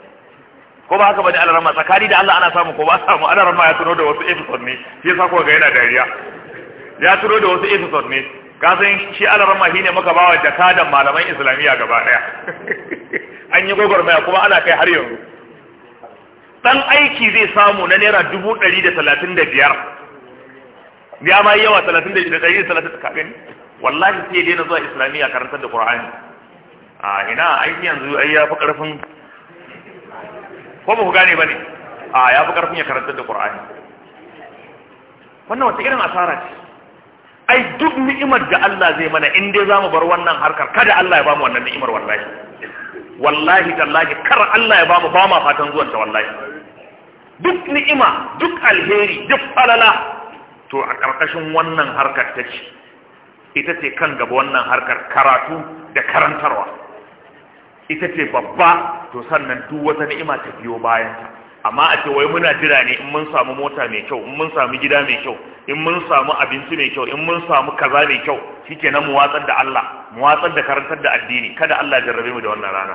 ko ba haka bane alarama tsakani da Allah ana samu ko ba samu alarama ya tuno da wasu episode ne shi yasa ko ga yana dariya ya tuno da wasu episode ne ka san shi alarama shine muka bawa jakadan malaman islamiya gaba daya an yi gogormaya kuma ana kai har yanzu dan aiki zai samu na naira dubu ɗari da talatin da biyar ya ma yawa talatin da ɗari da talatin ka gani wallahi sai ya daina zuwa islamiyya karantar da qur'ani a ina aiki yanzu ai ya fi ƙarfin ko ba ku gane ba ne a ya fi ƙarfin ya karanta da ƙura'ani wannan wata irin asara ce ai duk ni'imar da Allah zai mana in dai mu bar wannan harkar kada Allah ya bamu wannan ni'imar wallahi wallahi tallahi kar Allah ya bamu ba ma fatan zuwan ta wallahi duk ni'ima duk alheri duk falala to a karkashin wannan harkar ta ce ita ce kan gaba wannan harkar karatu da karantarwa ita ce babba to sannan duk wata ni'ima ta biyo bayanta amma a ce wai muna jira ne in mun samu mota mai kyau in mun samu gida mai kyau in mun samu abinci mai kyau in mun samu kaza mai kyau shikenan mu watsar da Allah mu watsar da karantar da addini kada Allah ya jarrabe mu da wannan rana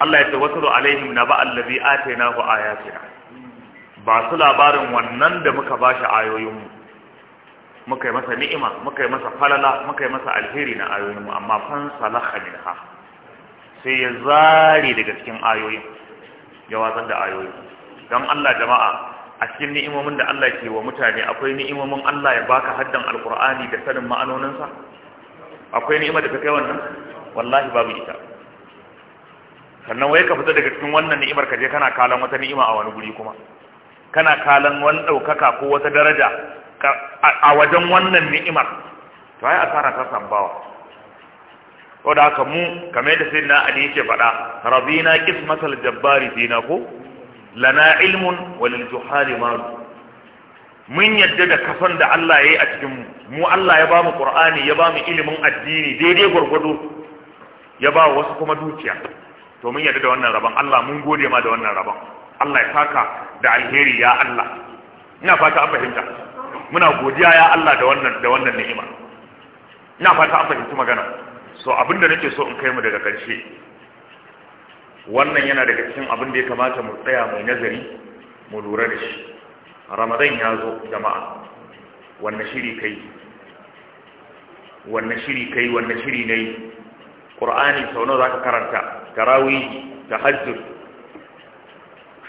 Allah ya ce wasu alaihim na ba allazi atayna hu ayatina ba su labarin wannan da muka bashi ayoyinmu muka yi masa ni'ima muka yi masa falala muka yi masa alheri na ayoyinmu amma fan salaha minha sai ya zare daga cikin ayoyin ya watsar da ayoyin don Allah jama'a a cikin ni'imomin da Allah ke wa mutane akwai ni'imomin Allah ya baka haddan alqur'ani da sanin ma'anoninsa akwai ni'ima da ta wannan wallahi babu ita sannan wai ka fita daga cikin wannan ni'imar ka je kana kalan wata ni'ima a wani guri kuma kana kalan wani ɗaukaka ko wata daraja a wajen wannan ni'imar to ai asara ta sambawa ko da haka mu kamar da sayyidina ali yake faɗa rabina qismatal jabbari fina ko lana ilmun walil juhali mun yadda da kafan da Allah ya yi a cikin mu Allah ya ba mu Qur'ani ya ba mu ilimin addini daidai gwargwado ya ba wasu kuma dukiya to mun yarda da wannan rabon Allah mun gode ma da wannan rabon Allah ya saka da alheri ya Allah ina fata an fahimta muna godiya ya Allah da wannan da wannan ni'ima ina fata an fahimci magana so abinda nake so in kai mu daga karshe wannan yana daga cikin abin da ya kamata mu tsaya mai nazari mu lura da shi ramadan ya zo jama'a wannan shiri kai wannan shiri kai wannan shiri ne qur'ani sau nawa zaka karanta tarawih tahajjud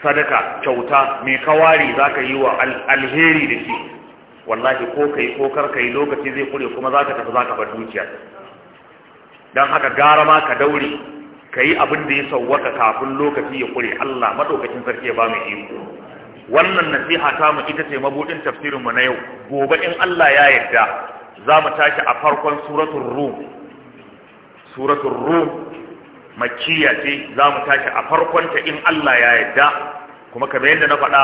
sadaka kyauta mai kawari zaka yi wa alheri da shi wallahi ko kai ko kar kai lokaci zai kure kuma zaka tafi zaka bar dukiya dan haka gara ma ka daure kai abin da ya sauwaka kafin lokaci ya kure Allah madaukakin sarki ya ba mu iko wannan nasiha ta mu ita ce mabudin tafsirin mu na yau gobe in Allah ya yarda za mu tashi a farkon suratul rum suratul rum makkiya ce za mu tashi a farkonta in Allah ya yarda kuma kamar yadda na faɗa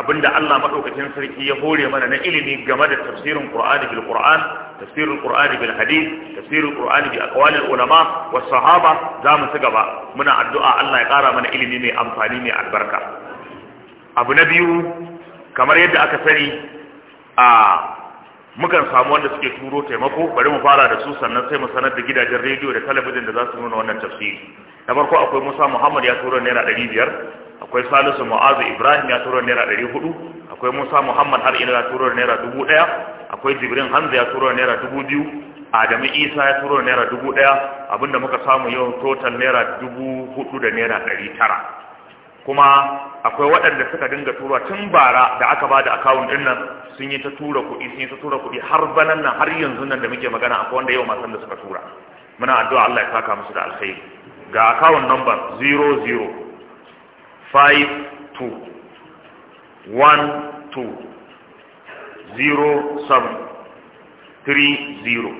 abinda Allah maɗaukacin sarki ya hore mana na ilimi game da tafsirin Qur'ani bil Qur'an tafsirin Qur'ani bil hadith tafsirin Qur'ani bi aqwalil ulama was sahaba za mu ci gaba muna addu'a Allah ya ƙara mana ilimi mai amfani mai albarka abu na biyu kamar yadda aka sani a mukan samu wanda suke turo taimako bari mu fara da su sannan sai mu sanar da gidajen rediyo da talabijin da za su nuna wannan tafsiri na farko akwai musa muhammad ya turo naira ɗari biyar akwai salisu mu'azu ibrahim ya turo naira ɗari hudu akwai musa muhammad har ina ya turo naira dubu ɗaya akwai jibrin hamza ya turo naira dubu biyu adamu isa ya turo naira dubu ɗaya abinda muka samu yau total naira dubu hudu da naira ɗari tara kuma akwai waɗanda suka dinga tura tun bara da aka ba da akawun ɗin nan sun yi ta tura kuɗi sun yi ta tura kuɗi har banan nan har yanzu nan da muke magana akwai wanda yau masan da suka tura muna addu'a Allah ya saka musu da alkhairi ga akawun number 00 52 12 07 30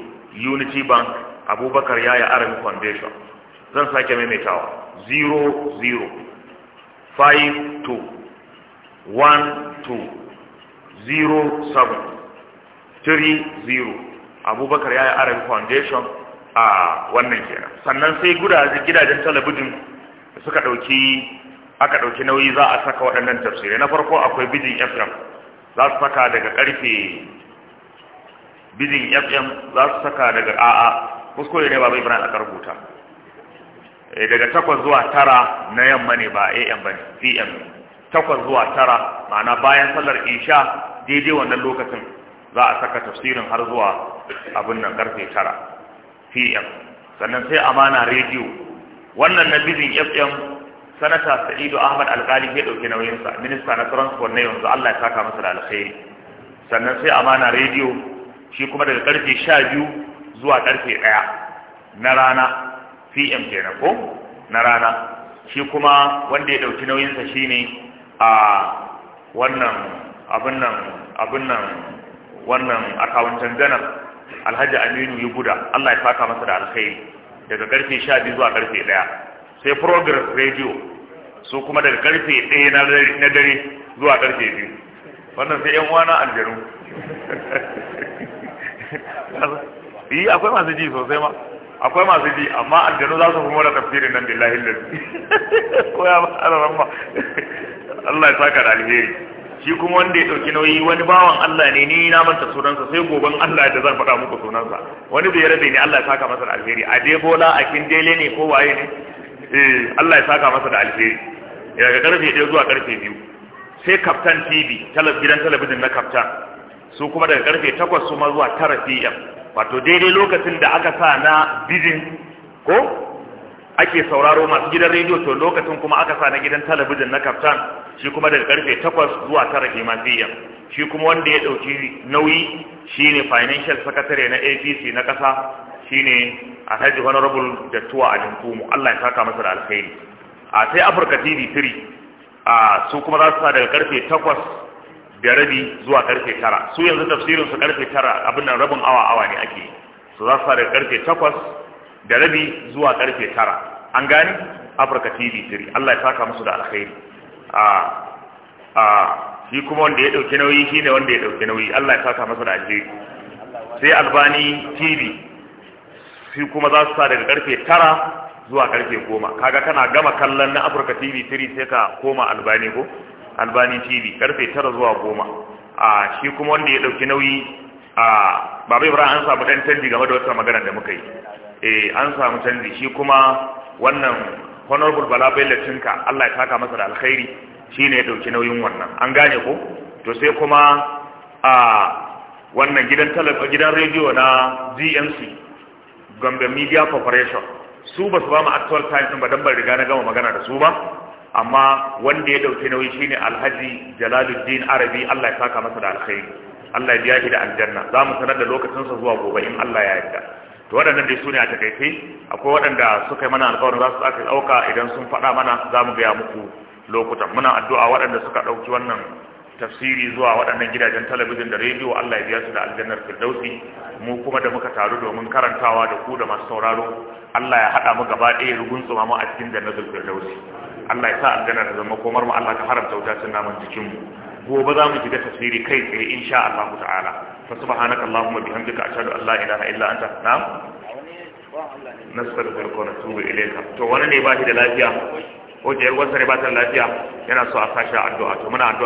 unity bank abubakar yaya arami foundation zan sake maimaitawa 00 five two one two zero seven three zero abubakar ya yi arab foundation a wannan kenan sannan sai gidajen talabijin da suka ɗauki aka ɗauki nauyi za a saka waɗannan tafsirai na farko akwai bijin fm za su saka daga ƙarfe bijin fm za su saka daga a'a kuskure ne ba bai bana a rubuta E daga takwas zuwa tara na yamma ne ba am ba ne pm takwas zuwa tara ma'ana bayan sallar isha daidai wannan lokacin za a saka tafsirin har zuwa abin nan karfe tara pm sannan sai amana rediyo wannan na bizin fm sanata sa'idu ahmad alkali ya ɗauki nauyinsa minista na transport na yanzu allah ya saka masa da alkhairi sannan sai amana rediyo shi kuma daga karfe sha biyu zuwa karfe ɗaya na rana pm kenan ko na rana shi kuma wanda ya dauki nauyinsa shine a wannan abin nan abin nan wannan akawuntan ganar alhaji aminu ya guda allah ya fata masa da alkhairi daga karfe sha biyu zuwa karfe ɗaya sai progress radio su kuma daga karfe ɗaya na dare zuwa karfe biyu wannan sai yan wana aljanu yi akwai masu ji sosai ma akwai masu bi amma aljanu za su fi da tafsirin nan billahi lalzi ko ya ba ramma Allah ya saka da alheri shi kuma wanda ya dauki nauyi wani bawan Allah ne ni na manta sunansa sai goben Allah da zan faɗa muku sunansa wani bai rabe ni Allah ya saka masa da alheri a bola a dele ne ko waye ne eh Allah ya saka masa da alheri daga karfe 1 zuwa karfe 2 sai kaftan TV gidan talabijin na kaftan su kuma daga karfe 8 su ma zuwa 9 pm wato daidai lokacin da aka sa na bizin ko ake sauraro masu gidan rediyo to lokacin kuma aka sa na gidan talabijin na kaftan shi kuma daga karfe 8 zuwa tara ke mafiya shi kuma wanda ya dauki nauyi Shi ne financial secretary na APC na kasa Shi ne shine jattuwa Honorable Dattuwa Adinkumu Allah ya saka masa da alkhairi a sai Africa TV 3 a su kuma za su sa daga karfe 8 da rabi zuwa karfe tara su yanzu tafsirin su karfe tara abin nan rabin awa awa ne ake su za su fara karfe takwas da rabi zuwa karfe tara an gani afirka tv 3 allah ya saka musu da alkhairi a a shi kuma wanda ya dauki nauyi shine wanda ya dauki nauyi allah ya saka musu da alkhairi sai albani tv shi kuma za su sa daga karfe tara zuwa karfe goma kaga kana gama kallon na afirka tv 3 sai ka koma albani ko albani tv karfe tara zuwa goma a shi kuma wanda ya ɗauki nauyi a baba ibrahim an samu ɗan canji game da wata magana da muka yi eh an samu canji shi kuma wannan honorable bala Tinka, allah ya taka masa da alkhairi shi ne ya ɗauki nauyin wannan an gane ko to sai kuma a wannan gidan gidan radio na gmc gombe media corporation su ba su ba mu actual time ba dan ban riga na gama magana da su ba amma wanda ya dauke nauyi shine alhaji jalaluddin arabi Allah ya saka masa da alkhairi Allah ya biya shi da aljanna za mu sanar da lokacin sa zuwa gobe in Allah ya yarda to waɗannan dai sune a takaice akwai waɗanda suka yi mana alƙawarin za su aka ɗauka idan sun faɗa mana za mu gaya muku lokutan muna addu'a waɗanda suka ɗauki wannan tafsiri zuwa waɗannan gidajen talabijin da rediyo Allah ya biya su da aljannar firdausi mu kuma da muka taru domin karantawa da ku da masu sauraro Allah ya haɗa mu gaba ɗaya rugun tsoma mu a cikin jannatul firdausi Allah ya sa aljanna ta zama komar mu Allah ka haramta wuta cin naman jikin mu gobe za mu shiga tafsiri kai tsaye insha Allah ta'ala fa subhanaka allahumma bihamdika ashhadu an la ilaha illa anta na'am nastaghfiruka wa natubu ilayka to wani ne ba shi da lafiya ko da yarwarsa ne ba ta lafiya yana so a sashi addu'a to muna addu'a